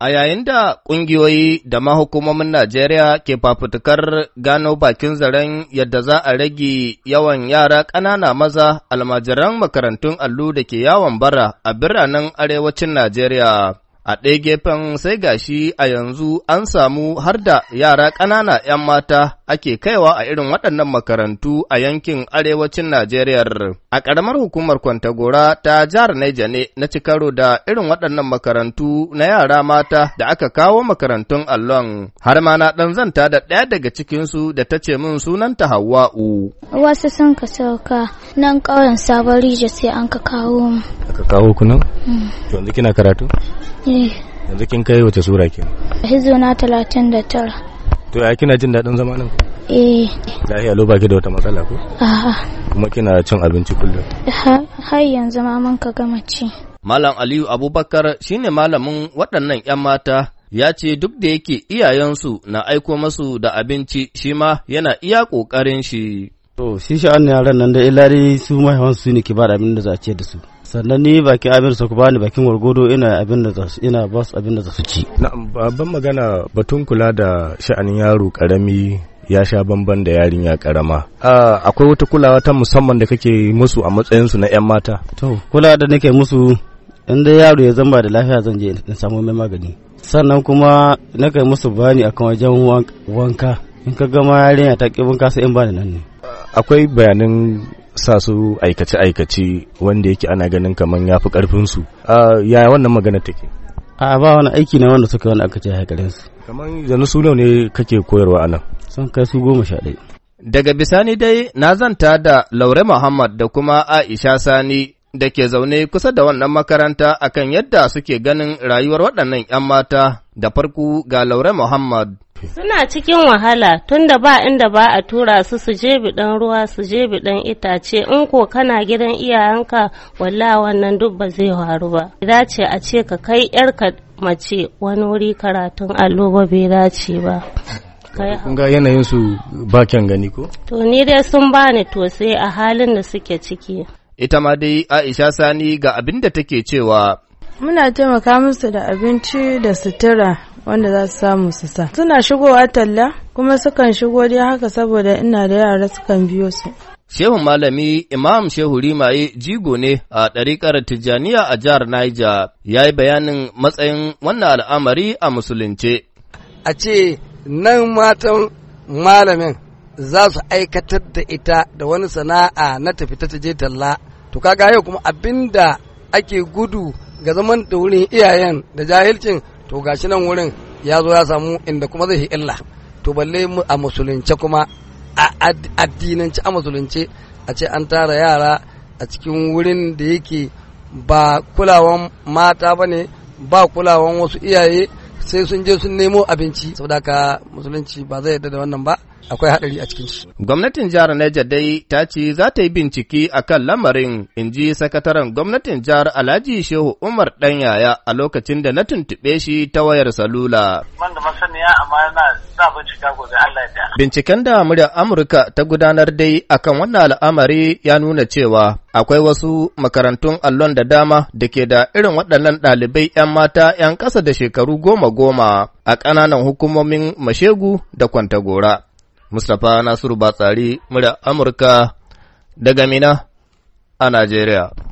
A yayin da ƙungiyoyi da mahukumomin Najeriya ke fafutukar gano bakin zaren yadda za a rage yawan yara ƙanana maza almajiran makarantun allo da ke yawon bara a biranen arewacin Najeriya. A ɗaya gefen sai gashi a yanzu an samu har da yara ƙanana ‘yan mata ake kaiwa a irin waɗannan makarantu a yankin arewacin Najeriya. A ƙaramar hukumar Kwantagora ta jihar Neja ne na cikaro da irin waɗannan makarantu na yara mata da aka kawo makarantun allon. Har ma na ɗan zanta da ɗaya daga cikinsu da ta ce min sunanta Hawwa'u. Wasu sun ka sauka nan ƙauyen Sabon Rija sai an ka kawo mu. Aka kawo ku nan? Mm. To yanzu kina karatu? yanzu kin kai wace sura ke hizo na talatin da tara to ya kina jin daɗin zama nan eh lahiya lo baki da wata matsala ko a'a kuma kina cin abinci kullum har yanzu ma mun ka gama ci malam aliyu abubakar shine malamin waɗannan 'yan mata ya ce duk da yake iyayensu na aiko masu da abinci shi ma yana iya ƙoƙarin shi. To, shi sha'an yaran nan da ilari su mahaifansu ne ke ba da abin da za a ce da su. sannan ni bakin abin su ba ni bakin wargodo ina abin da ina ba abin da su ci na'am babban magana batun kula da sha'anin yaro karami ya sha bamban da yarinya karama akwai wata kulawa ta musamman da kake musu a matsayin su na yan mata to kula da nake musu in dai yaro ya zamba da lafiya zan je in samu mai magani sannan kuma nake musu bani akan wajen wanka in ka gama yarinya ta kibin kasa in bani nan ne akwai bayanin sa su aikace-aikace wanda yake ana ganin kamar ya fi ƙarfinsu yaya wannan magana take a ba wani aiki na wanda suka wani aka ce su. kamar yanzu su ne kake koyarwa anan. sun kai su goma sha ɗaya daga bisani dai na zanta da laure muhammad da kuma aisha sani da ke zaune kusa da wannan makaranta akan yadda suke ganin rayuwar waɗannan 'yan mata da farko ga Laure Muhammad. Suna cikin wahala tunda ba inda ba a tura su su je biɗan ruwa su je biɗan itace in ko kana gidan iyayenka walla wannan duk ba zai faru ba. Dace a ce ka kai yarka mace wani wuri karatun allo ba bai dace ba. kun ga yanayin su ba gani ko? To ni dai sun bani to sai a halin da suke ciki. Ita ma dai Aisha Sani ga abinda da take cewa muna taimaka musu da abinci da sutura wanda za su samu su sa suna shigowa talla kuma sukan shigo dai haka saboda ina da yara sukan biyo su Shehu Malami Imam Shehu Rimaye jigo ne a ɗariƙar Tijjaniya a jihar Niger ya yi bayanin matsayin wannan al'amari a musulunce. A ce nan matan malamin za su aikatar da ita da wani sana'a na tafi ta je talla, to kaga yau kuma abin da ake gudu ga zaman da wurin iyayen da jahilcin to gashi nan wurin ya zo ya samu inda kuma zai illa to balle a musulunce kuma a addinance a musulunce a ce an tara yara a cikin wurin da yake ba kulawan mata ba ne ba kulawan wasu iyaye sai sun je sun nemo abinci saboda ka musulunci ba zai yarda da wannan ba akwai haɗari a cikin shi. Gwamnatin jihar Niger dai ta ce za ta yi bincike a kan lamarin, in ji sakataren gwamnatin jihar Alhaji Shehu Umar ɗan yaya a lokacin da na tuntuɓe shi ta wayar salula. Man masaniya amma yana za bincika gobe Binciken da muryar Amurka ta gudanar dai akan wannan al'amari ya nuna cewa akwai wasu makarantun allon da dama da ke da irin waɗannan ɗalibai ‘yan mata ‘yan ƙasa da shekaru goma-goma a ƙananan hukumomin Mashegu da Kwantagora. Mustapha Nasiru Batsari, muryar Amurka daga Mina a Najeriya.